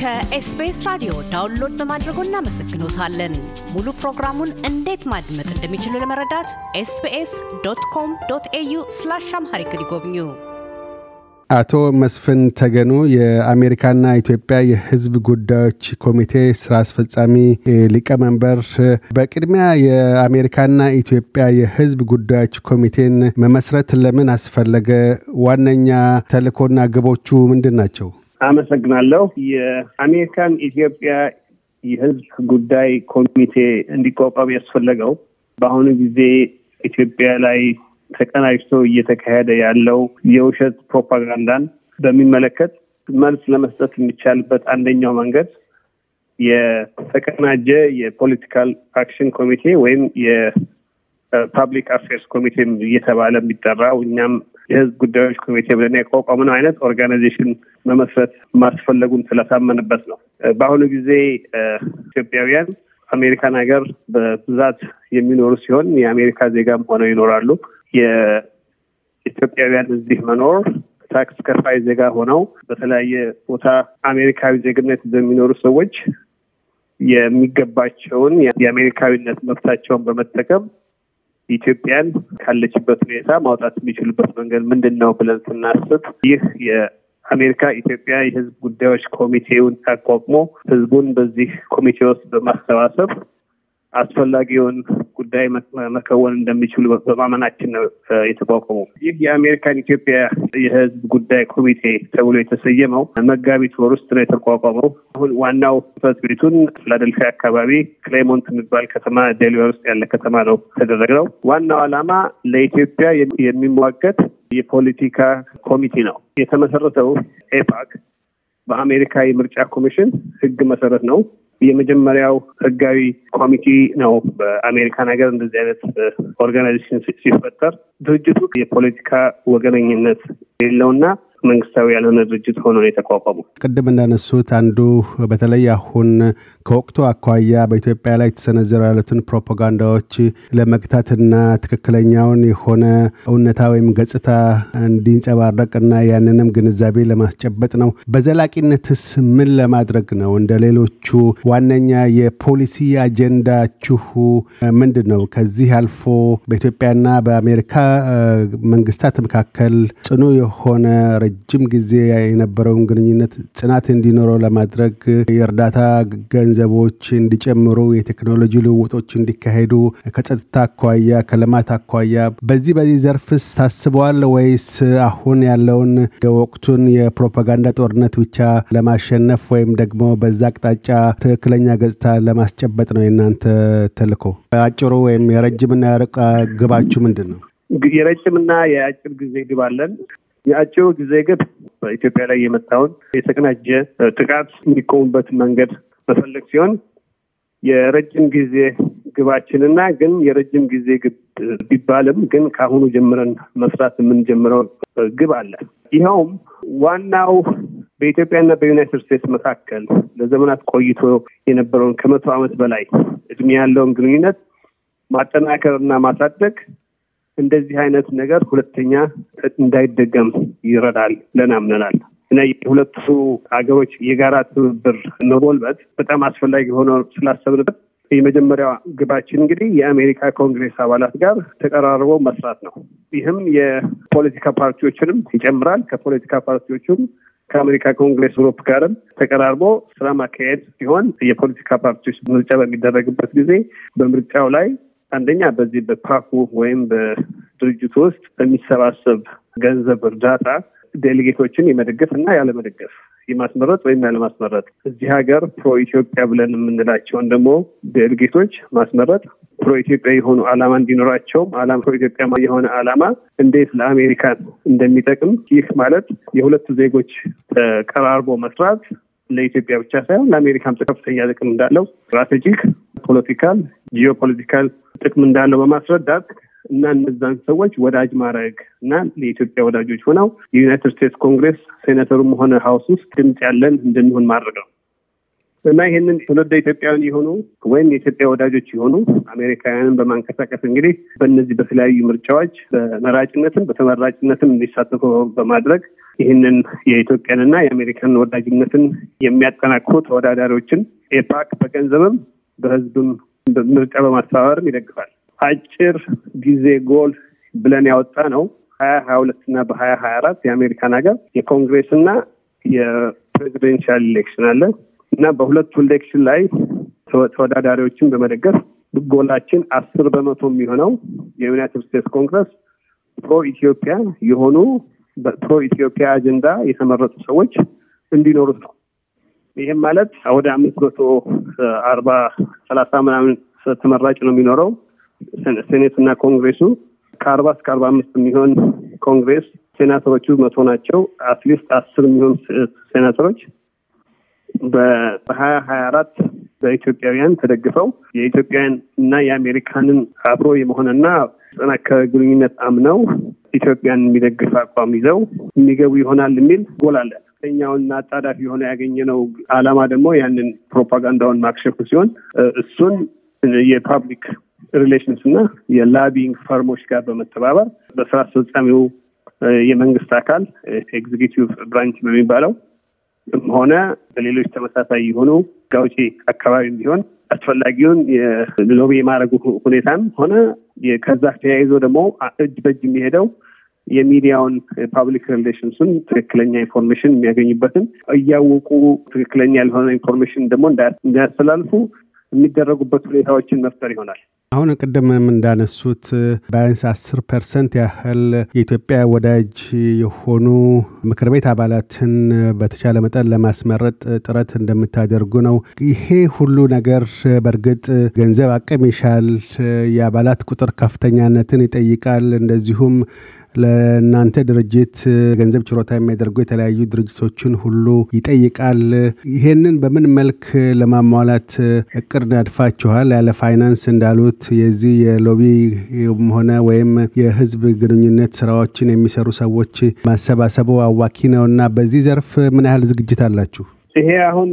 ከኤስቢኤስ ራዲዮ ዳውንሎድ በማድረጎ እናመሰግኖታለን። ሙሉ ፕሮግራሙን እንዴት ማድመጥ እንደሚችሉ ለመረዳት ኤስቢኤስ ዶት ኮም ዶት ኤዩ ስላሽ አምሃሪክ ይጎብኙ። አቶ መስፍን ተገኑ የአሜሪካና ኢትዮጵያ የሕዝብ ጉዳዮች ኮሚቴ ስራ አስፈጻሚ ሊቀመንበር፣ በቅድሚያ የአሜሪካና ኢትዮጵያ የሕዝብ ጉዳዮች ኮሚቴን መመስረት ለምን አስፈለገ? ዋነኛ ተልእኮና ግቦቹ ምንድን ናቸው? አመሰግናለሁ። የአሜሪካን ኢትዮጵያ የህዝብ ጉዳይ ኮሚቴ እንዲቋቋም ያስፈለገው በአሁኑ ጊዜ ኢትዮጵያ ላይ ተቀናጅቶ እየተካሄደ ያለው የውሸት ፕሮፓጋንዳን በሚመለከት መልስ ለመስጠት የሚቻልበት አንደኛው መንገድ የተቀናጀ የፖለቲካል አክሽን ኮሚቴ ወይም የፓብሊክ አፌርስ ኮሚቴ እየተባለ የሚጠራ እኛም የህዝብ ጉዳዮች ኮሚቴ ብለን ያቋቋምነው አይነት ኦርጋናይዜሽን መመስረት ማስፈለጉን ስለታመንበት ነው። በአሁኑ ጊዜ ኢትዮጵያውያን አሜሪካን ሀገር በብዛት የሚኖሩ ሲሆን የአሜሪካ ዜጋም ሆነው ይኖራሉ። የኢትዮጵያውያን እዚህ መኖር ታክስ ከፋይ ዜጋ ሆነው በተለያየ ቦታ አሜሪካዊ ዜግነት በሚኖሩ ሰዎች የሚገባቸውን የአሜሪካዊነት መብታቸውን በመጠቀም ኢትዮጵያን ካለችበት ሁኔታ ማውጣት የሚችሉበት መንገድ ምንድን ነው ብለን ስናስብ ይህ አሜሪካ ኢትዮጵያ የህዝብ ጉዳዮች ኮሚቴውን አቋቁሞ ህዝቡን በዚህ ኮሚቴ ውስጥ በማሰባሰብ አስፈላጊውን ጉዳይ መከወን እንደሚችሉ በማመናችን ነው የተቋቋመው። ይህ የአሜሪካን ኢትዮጵያ የህዝብ ጉዳይ ኮሚቴ ተብሎ የተሰየመው መጋቢት ወር ውስጥ ነው የተቋቋመው። አሁን ዋናው ጽሕፈት ቤቱን ፊላደልፊያ አካባቢ ክሌሞንት የሚባል ከተማ ዴልዌር ውስጥ ያለ ከተማ ነው ተደረገው። ዋናው ዓላማ ለኢትዮጵያ የሚሟገት የፖለቲካ ኮሚቴ ነው የተመሰረተው። ኤፓክ በአሜሪካ የምርጫ ኮሚሽን ህግ መሰረት ነው። የመጀመሪያው ህጋዊ ኮሚቴ ነው በአሜሪካን ሀገር እንደዚህ አይነት ኦርጋናይዜሽን ሲፈጠር። ድርጅቱ የፖለቲካ ወገነኝነት የለውና መንግስታዊ ያልሆነ ድርጅት ሆኖ ነው የተቋቋሙ። ቅድም እንዳነሱት አንዱ በተለይ አሁን ከወቅቱ አኳያ በኢትዮጵያ ላይ የተሰነዘሩ ያሉትን ፕሮፓጋንዳዎች ለመግታትና ትክክለኛውን የሆነ እውነታ ወይም ገጽታ እንዲንጸባረቅና ያንንም ግንዛቤ ለማስጨበጥ ነው። በዘላቂነትስ ምን ለማድረግ ነው? እንደ ሌሎቹ ዋነኛ የፖሊሲ አጀንዳችሁ ምንድን ነው? ከዚህ አልፎ በኢትዮጵያና በአሜሪካ መንግስታት መካከል ጽኑ የሆነ ረጅም ጊዜ የነበረውን ግንኙነት ጽናት እንዲኖረው ለማድረግ የእርዳታ ገንዘቦች እንዲጨምሩ፣ የቴክኖሎጂ ልውውጦች እንዲካሄዱ ከጸጥታ አኳያ ከልማት አኳያ በዚህ በዚህ ዘርፍስ ታስበዋል ወይስ አሁን ያለውን የወቅቱን የፕሮፓጋንዳ ጦርነት ብቻ ለማሸነፍ ወይም ደግሞ በዛ አቅጣጫ ትክክለኛ ገጽታ ለማስጨበጥ ነው የእናንተ ተልእኮ? አጭሩ ወይም የረጅምና ያርቅ ግባችሁ ምንድን ነው? የረጅምና የአጭር ጊዜ ግብ አለን። የአጭሩ ጊዜ ግብ በኢትዮጵያ ላይ የመጣውን የተቀናጀ ጥቃት የሚቆሙበት መንገድ መፈለግ ሲሆን የረጅም ጊዜ ግባችንና ግን የረጅም ጊዜ ግብ ቢባልም ግን ከአሁኑ ጀምረን መስራት የምንጀምረው ግብ አለ። ይኸውም ዋናው በኢትዮጵያና በዩናይትድ ስቴትስ መካከል ለዘመናት ቆይቶ የነበረውን ከመቶ ዓመት በላይ እድሜ ያለውን ግንኙነት ማጠናከርና ማሳደግ እንደዚህ አይነት ነገር ሁለተኛ እንዳይደገም ይረዳል ብለን እና የሁለቱ ሀገሮች የጋራ ትብብር መጎልበት በጣም አስፈላጊ ሆኖ ስላሰብንበት የመጀመሪያ ግባችን እንግዲህ የአሜሪካ ኮንግሬስ አባላት ጋር ተቀራርቦ መስራት ነው። ይህም የፖለቲካ ፓርቲዎችንም ይጨምራል። ከፖለቲካ ፓርቲዎቹም ከአሜሪካ ኮንግሬስ ሮፕ ጋርም ተቀራርቦ ስራ ማካሄድ ሲሆን የፖለቲካ ፓርቲዎች ምርጫ በሚደረግበት ጊዜ በምርጫው ላይ አንደኛ በዚህ በፓኩ ወይም በድርጅቱ ውስጥ በሚሰባሰብ ገንዘብ እርዳታ ዴሊጌቶችን የመደገፍ እና ያለመደገፍ የማስመረጥ ወይም ያለማስመረጥ እዚህ ሀገር ፕሮ ኢትዮጵያ ብለን የምንላቸውን ደግሞ ዴሊጌቶች ማስመረጥ ፕሮ ኢትዮጵያ የሆኑ ዓላማ እንዲኖራቸውም ዓላማ ፕሮ ኢትዮጵያ የሆነ ዓላማ እንዴት ለአሜሪካን እንደሚጠቅም ይህ ማለት የሁለቱ ዜጎች ተቀራርቦ መስራት ለኢትዮጵያ ብቻ ሳይሆን ለአሜሪካም ከፍተኛ ጥቅም እንዳለው ስትራቴጂክ፣ ፖለቲካል፣ ጂኦፖለቲካል ጥቅም እንዳለው በማስረዳት እና እነዛን ሰዎች ወዳጅ ማድረግ እና የኢትዮጵያ ወዳጆች ሆነው የዩናይትድ ስቴትስ ኮንግሬስ ሴኔተሩም ሆነ ሀውስ ውስጥ ድምፅ ያለን እንድንሆን ማድረግ ነው እና ይህንን ትውልደ ኢትዮጵያውያን የሆኑ ወይም የኢትዮጵያ ወዳጆች የሆኑ አሜሪካውያንን በማንቀሳቀስ እንግዲህ በእነዚህ በተለያዩ ምርጫዎች በመራጭነትም በተመራጭነትም እንዲሳተፉ በማድረግ ይህንን የኢትዮጵያንና የአሜሪካን ወዳጅነትን የሚያጠናክሩ ተወዳዳሪዎችን ኤፓክ በገንዘብም በህዝብም ምርጫ በማስተባበርም ይደግፋል። አጭር ጊዜ ጎል ብለን ያወጣ ነው ሀያ ሀያ ሁለት እና በሀያ ሀያ አራት የአሜሪካን ሀገር የኮንግሬስ እና የፕሬዚደንሻል ኢሌክሽን አለ እና በሁለቱ ኢሌክሽን ላይ ተወዳዳሪዎችን በመደገፍ ጎላችን አስር በመቶ የሚሆነው የዩናይትድ ስቴትስ ኮንግረስ ፕሮ ኢትዮጵያ የሆኑ በፕሮ ኢትዮጵያ አጀንዳ የተመረጡ ሰዎች እንዲኖሩት ነው። ይህም ማለት ወደ አምስት መቶ አርባ ሰላሳ ምናምን ተመራጭ ነው የሚኖረው ሴኔት እና ኮንግሬሱ ከአርባ እስከ አርባ አምስት የሚሆን ኮንግሬስ ሴናተሮቹ መቶ ናቸው። አትሊስት አስር የሚሆን ሴናተሮች በሀያ ሀያ አራት በኢትዮጵያውያን ተደግፈው የኢትዮጵያን እና የአሜሪካንን አብሮ የመሆንና ጠናከረ ግንኙነት አምነው ኢትዮጵያን የሚደግፍ አቋም ይዘው የሚገቡ ይሆናል የሚል ጎል አለ። ኛውና አጣዳፊ የሆነ ያገኘነው አላማ ደግሞ ያንን ፕሮፓጋንዳውን ማክሸፉ ሲሆን እሱን የፓብሊክ ሪሌሽንስ እና የላቢንግ ፈርሞች ጋር በመተባበር በስራ አስፈጻሚው የመንግስት አካል ኤግዚኪቲቭ ብራንች በሚባለው ሆነ በሌሎች ተመሳሳይ የሆኑ ጋውጪ አካባቢ ቢሆን አስፈላጊውን የሎቢ የማድረጉ ሁኔታም ሆነ ከዛ ተያይዞ ደግሞ እጅ በእጅ የሚሄደው የሚዲያውን ፓብሊክ ሪሌሽንሱን ትክክለኛ ኢንፎርሜሽን የሚያገኙበትን እያወቁ ትክክለኛ ያልሆነ ኢንፎርሜሽን ደግሞ እንዳያስተላልፉ የሚደረጉበት ሁኔታዎችን መፍጠር ይሆናል። አሁን ቅድምም እንዳነሱት ቢያንስ አስር ፐርሰንት ያህል የኢትዮጵያ ወዳጅ የሆኑ ምክር ቤት አባላትን በተቻለ መጠን ለማስመረጥ ጥረት እንደምታደርጉ ነው። ይሄ ሁሉ ነገር በእርግጥ ገንዘብ አቅም ይሻል፣ የአባላት ቁጥር ከፍተኛነትን ይጠይቃል፣ እንደዚሁም ለእናንተ ድርጅት ገንዘብ ችሮታ የሚያደርጉ የተለያዩ ድርጅቶችን ሁሉ ይጠይቃል። ይሄንን በምን መልክ ለማሟላት እቅድ ነድፋችኋል? ያለ ፋይናንስ እንዳሉት የዚህ የሎቢ ሆነ ወይም የህዝብ ግንኙነት ስራዎችን የሚሰሩ ሰዎች ማሰባሰቡ አዋኪ ነው እና በዚህ ዘርፍ ምን ያህል ዝግጅት አላችሁ? ይሄ አሁን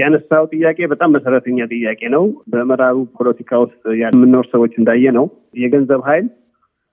ያነሳው ጥያቄ በጣም መሰረተኛ ጥያቄ ነው። በመራሩ ፖለቲካ ውስጥ የምንኖር ሰዎች እንዳየ ነው የገንዘብ ኃይል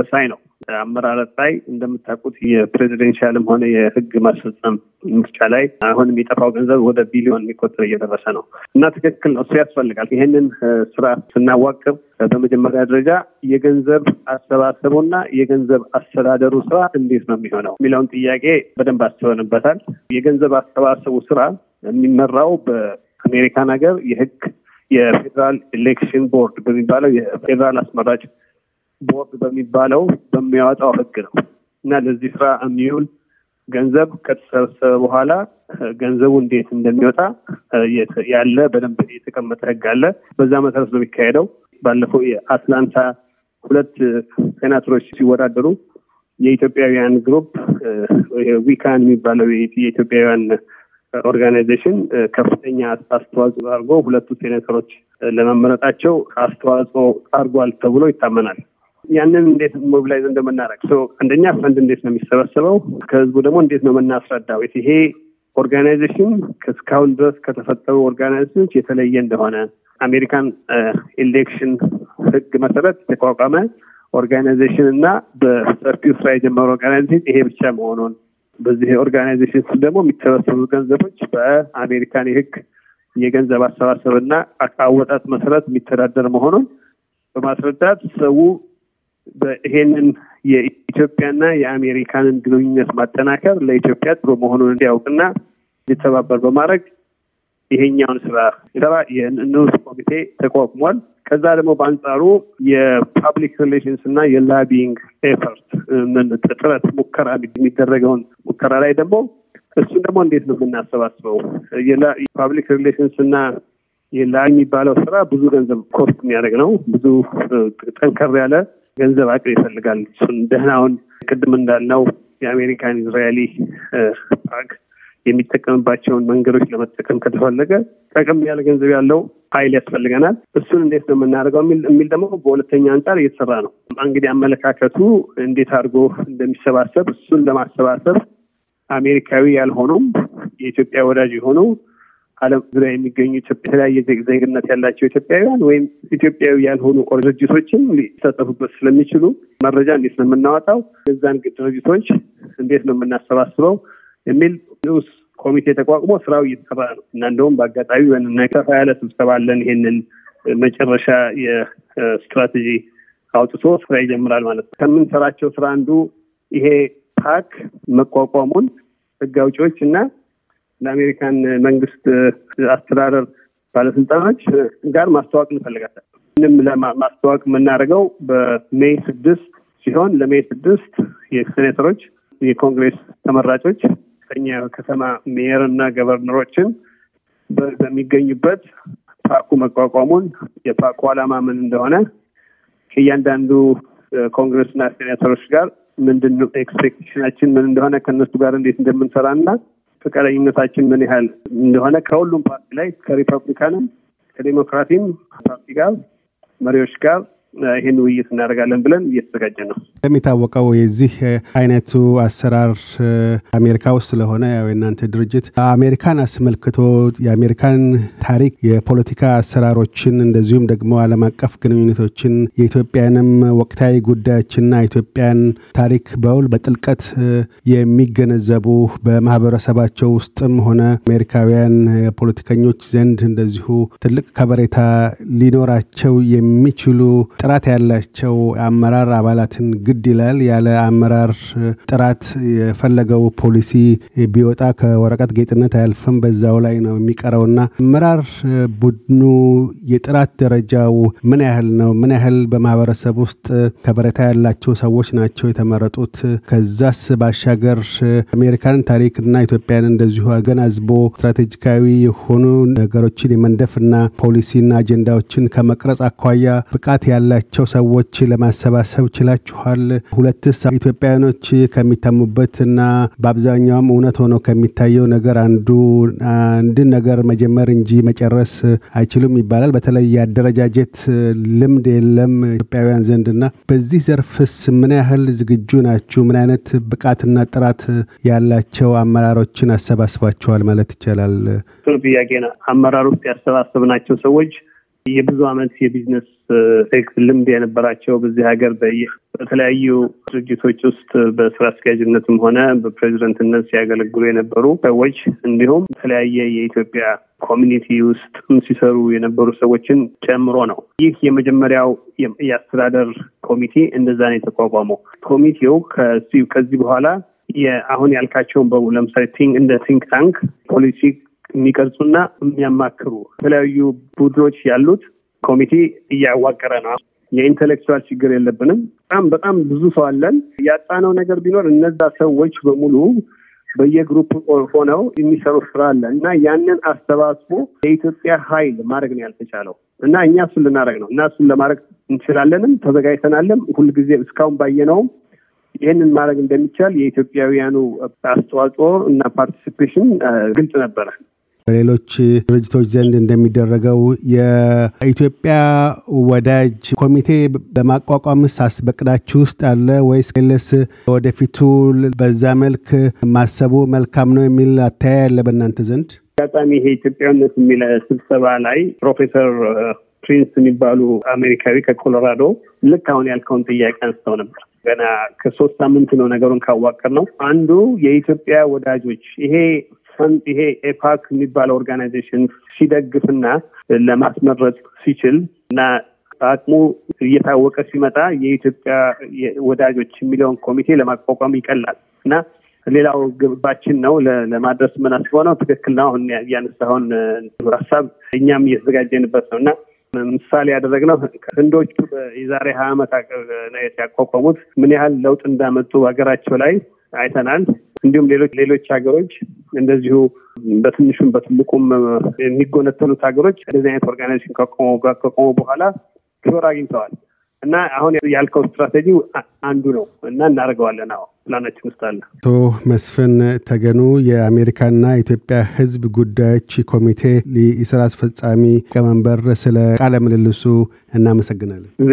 ወሳኝ ነው። አመራረት ላይ እንደምታውቁት የፕሬዚደንሻልም ሆነ የህግ ማስፈጸም ምርጫ ላይ አሁን የሚጠፋው ገንዘብ ወደ ቢሊዮን የሚቆጠር እየደረሰ ነው እና ትክክል ነው፣ እሱ ያስፈልጋል። ይህንን ስራ ስናዋቅር በመጀመሪያ ደረጃ የገንዘብ አሰባሰቡና የገንዘብ አስተዳደሩ ስራ እንዴት ነው የሚሆነው የሚለውን ጥያቄ በደንብ አስበንበታል። የገንዘብ አሰባሰቡ ስራ የሚመራው በአሜሪካን ሀገር የህግ የፌዴራል ኤሌክሽን ቦርድ በሚባለው የፌዴራል አስመራጭ ቦርድ በሚባለው በሚያወጣው ህግ ነው እና ለዚህ ስራ የሚውል ገንዘብ ከተሰበሰበ በኋላ ገንዘቡ እንዴት እንደሚወጣ ያለ በደንብ የተቀመጠ ህግ አለ። በዛ መሰረት ነው የሚካሄደው። ባለፈው የአትላንታ ሁለት ሴናተሮች ሲወዳደሩ የኢትዮጵያውያን ግሩፕ ዊካን የሚባለው የኢትዮጵያውያን ኦርጋናይዜሽን ከፍተኛ አስተዋጽኦ አድርጎ ሁለቱ ሴኔተሮች ለመመረጣቸው አስተዋጽኦ አድርጓል ተብሎ ይታመናል። ያንን እንዴት ሞቢላይዝ እንደምናደረግ አንደኛ ፈንድ እንዴት ነው የሚሰበሰበው፣ ከህዝቡ ደግሞ እንዴት ነው የምናስረዳው ይሄ ኦርጋናይዜሽን እስካሁን ድረስ ከተፈጠሩ ኦርጋናይዜሽኖች የተለየ እንደሆነ አሜሪካን ኢሌክሽን ህግ መሰረት የተቋቋመ ኦርጋናይዜሽን እና በሰፊው ስራ የጀመረ ኦርጋናይዜሽን ይሄ ብቻ መሆኑን በዚህ ኦርጋናይዜሽን ውስጥ ደግሞ የሚሰበሰቡ ገንዘቦች በአሜሪካን የህግ የገንዘብ አሰባሰብ እና አወጣት መሰረት የሚተዳደር መሆኑን በማስረዳት ሰው ይሄንን የኢትዮጵያና የአሜሪካንን ግንኙነት ማጠናከር ለኢትዮጵያ ጥሩ መሆኑን እንዲያውቅና እንዲተባበር በማድረግ ይሄኛውን ስራ ስራ የንዑስ ኮሚቴ ተቋቁሟል። ከዛ ደግሞ በአንጻሩ የፓብሊክ ሪሌሽንስ እና የላቢንግ ኤፈርት ጥረት ሙከራ የሚደረገውን ሙከራ ላይ ደግሞ እሱን ደግሞ እንዴት ነው የምናሰባስበው? ፓብሊክ ሪሌሽንስ እና የላ የሚባለው ስራ ብዙ ገንዘብ ኮስት የሚያደርግ ነው። ብዙ ጠንከር ያለ ገንዘብ አቅር ይፈልጋል። እሱን ደህናውን ቅድም እንዳልነው የአሜሪካን እስራኤሊ ፓግ የሚጠቀምባቸውን መንገዶች ለመጠቀም ከተፈለገ ጠቅም ያለ ገንዘብ ያለው ኃይል ያስፈልገናል። እሱን እንዴት ነው የምናደርገው የሚል ደግሞ በሁለተኛ አንጻር እየተሰራ ነው። እንግዲህ አመለካከቱ እንዴት አድርጎ እንደሚሰባሰብ እሱን ለማሰባሰብ አሜሪካዊ ያልሆኑም የኢትዮጵያ ወዳጅ የሆኑ ዓለም ዙሪያ የሚገኙ የተለያየ ዜግነት ያላቸው ኢትዮጵያውያን ወይም ኢትዮጵያዊ ያልሆኑ ድርጅቶችም ሊሳተፉበት ስለሚችሉ መረጃ እንዴት ነው የምናወጣው፣ እነዛን ድርጅቶች እንዴት ነው የምናሰባስበው የሚል ንዑስ ኮሚቴ ተቋቁሞ ስራው እየተሰራ ነው እና እንደውም በአጋጣሚ ሰፋ ያለ ስብሰባ አለን። ይሄንን መጨረሻ የስትራቴጂ አውጥቶ ስራ ይጀምራል ማለት ነው። ከምንሰራቸው ስራ አንዱ ይሄ ፓክ መቋቋሙን ህግ አውጪዎች እና ለአሜሪካን መንግስት አስተዳደር ባለስልጣኖች ጋር ማስተዋወቅ እንፈልጋለን። ምንም ለማስተዋወቅ የምናደርገው በሜይ ስድስት ሲሆን ለሜይ ስድስት የሴኔተሮች የኮንግሬስ ተመራጮች ከፍተኛ ከተማ እና ገቨርነሮችን በሚገኙበት ፓርኩ መቋቋሙን የፓርኩ ዓላማ ምን እንደሆነ ከእያንዳንዱ ኮንግረስና ሴኔተሮች ጋር ምንድን ኤክስፔክቴሽናችን ምን እንደሆነ ከእነሱ ጋር እንዴት እንደምንሰራ እና ፈቃደኝነታችን ምን ያህል እንደሆነ ከሁሉም ፓርቲ ላይ ከሪፐብሊካንም ከዴሞክራቲም ፓርቲ ጋር መሪዎች ጋር ይህን ውይይት እናደርጋለን ብለን እየተዘጋጀ ነው። እንደሚታወቀው የዚህ አይነቱ አሰራር አሜሪካ ውስጥ ስለሆነ ያው የእናንተ ድርጅት አሜሪካን አስመልክቶ የአሜሪካን ታሪክ፣ የፖለቲካ አሰራሮችን እንደዚሁም ደግሞ ዓለም አቀፍ ግንኙነቶችን የኢትዮጵያንም ወቅታዊ ጉዳዮችና ኢትዮጵያን ታሪክ በውል በጥልቀት የሚገነዘቡ በማህበረሰባቸው ውስጥም ሆነ አሜሪካውያን ፖለቲከኞች ዘንድ እንደዚሁ ትልቅ ከበሬታ ሊኖራቸው የሚችሉ ጥራት ያላቸው አመራር አባላትን ግድ ይላል። ያለ አመራር ጥራት የፈለገው ፖሊሲ ቢወጣ ከወረቀት ጌጥነት አያልፍም፣ በዛው ላይ ነው የሚቀረውና አመራር ቡድኑ የጥራት ደረጃው ምን ያህል ነው? ምን ያህል በማህበረሰብ ውስጥ ከበሬታ ያላቸው ሰዎች ናቸው የተመረጡት? ከዛስ ባሻገር አሜሪካን ታሪክ ኢትዮጵያን እንደዚሁ አገናዝቦ ስትራቴጂካዊ የሆኑ ነገሮችን የመንደፍና ፖሊሲና አጀንዳዎችን ከመቅረጽ አኳያ ብቃት ያለ ያላቸው ሰዎች ለማሰባሰብ ችላችኋል? ሁለትስ ኢትዮጵያውያኖች ከሚታሙበት እና በአብዛኛውም እውነት ሆኖ ከሚታየው ነገር አንዱ አንድን ነገር መጀመር እንጂ መጨረስ አይችሉም ይባላል። በተለይ የአደረጃጀት ልምድ የለም ኢትዮጵያውያን ዘንድ እና በዚህ ዘርፍስ ምን ያህል ዝግጁ ናችሁ? ምን አይነት ብቃትና ጥራት ያላቸው አመራሮችን አሰባስባችኋል ማለት ይቻላል? ጥሩ ጥያቄ ነው። አመራር ውስጥ ያሰባሰብናቸው ሰዎች የብዙ ዓመት የቢዝነስ ሴክስ ልምድ የነበራቸው በዚህ ሀገር በተለያዩ ድርጅቶች ውስጥ በስራ አስኪያጅነትም ሆነ በፕሬዚደንትነት ሲያገለግሉ የነበሩ ሰዎች እንዲሁም የተለያየ የኢትዮጵያ ኮሚኒቲ ውስጥ ሲሰሩ የነበሩ ሰዎችን ጨምሮ ነው። ይህ የመጀመሪያው የአስተዳደር ኮሚቴ እንደዛ ነው የተቋቋመው። ኮሚቴው ከዚህ በኋላ አሁን ያልካቸውን ለምሳሌ ለምሳሌ እንደ ቲንክ ታንክ ፖሊሲ የሚቀርጹና የሚያማክሩ የተለያዩ ቡድኖች ያሉት ኮሚቴ እያዋቀረ ነው። የኢንቴሌክቹዋል ችግር የለብንም። በጣም በጣም ብዙ ሰው አለን። ያጣነው ነገር ቢኖር እነዛ ሰዎች በሙሉ በየግሩፕ ሆነው የሚሰሩ ስራ አለ እና ያንን አስተባስቦ የኢትዮጵያ ኃይል ማድረግ ነው ያልተቻለው እና እኛ እሱን ልናደረግ ነው እና እሱን ለማድረግ እንችላለንም ተዘጋጅተናለም። ሁልጊዜ እስካሁን ባየነውም ይህንን ማድረግ እንደሚቻል የኢትዮጵያውያኑ አስተዋጽኦ እና ፓርቲሲፔሽን ግልጽ ነበረ። በሌሎች ድርጅቶች ዘንድ እንደሚደረገው የኢትዮጵያ ወዳጅ ኮሚቴ ለማቋቋምስ አስበቅዳችሁ ውስጥ አለ ወይስ ሌለስ ወደፊቱ በዛ መልክ ማሰቡ መልካም ነው የሚል አታያ አለ በእናንተ ዘንድ? አጋጣሚ ይሄ ኢትዮጵያዊነት የሚል ስብሰባ ላይ ፕሮፌሰር ፕሪንስ የሚባሉ አሜሪካዊ ከኮሎራዶ ልክ አሁን ያልከውን ጥያቄ አንስተው ነበር። ገና ከሶስት ሳምንት ነው ነገሩን ካዋቀር ነው አንዱ የኢትዮጵያ ወዳጆች ይሄ ትራምፕ ይሄ ኤፓክ የሚባል ኦርጋናይዜሽን ሲደግፍና ለማስመረጥ ሲችል እና አቅሙ እየታወቀ ሲመጣ የኢትዮጵያ ወዳጆች የሚለውን ኮሚቴ ለማቋቋም ይቀላል እና ሌላው ግባችን ነው ለማድረስ የምናስበው ነው። ትክክል ነው። አሁን ያነሳኸውን ሀሳብ እኛም እየተዘጋጀንበት ነው እና ምሳሌ ያደረግነው ህንዶቹ የዛሬ ሀያ ዓመት ያቋቋሙት። ምን ያህል ለውጥ እንዳመጡ ሀገራቸው ላይ አይተናል። እንዲሁም ሌሎች ሌሎች ሀገሮች እንደዚሁ በትንሹም በትልቁም የሚጎነተሉት ሀገሮች እንደዚህ አይነት ኦርጋናይዜሽን ከቆሙ በኋላ ክብር አግኝተዋል እና አሁን ያልከው ስትራቴጂ አንዱ ነው እና እናደርገዋለን። አዎ ፕላናችን ውስጥ አለ። አቶ መስፍን ተገኑ የአሜሪካና ኢትዮጵያ ሕዝብ ጉዳዮች ኮሚቴ የስራ አስፈጻሚ ሊቀመንበር፣ ስለ ቃለ ምልልሱ እናመሰግናለን። ጊዜ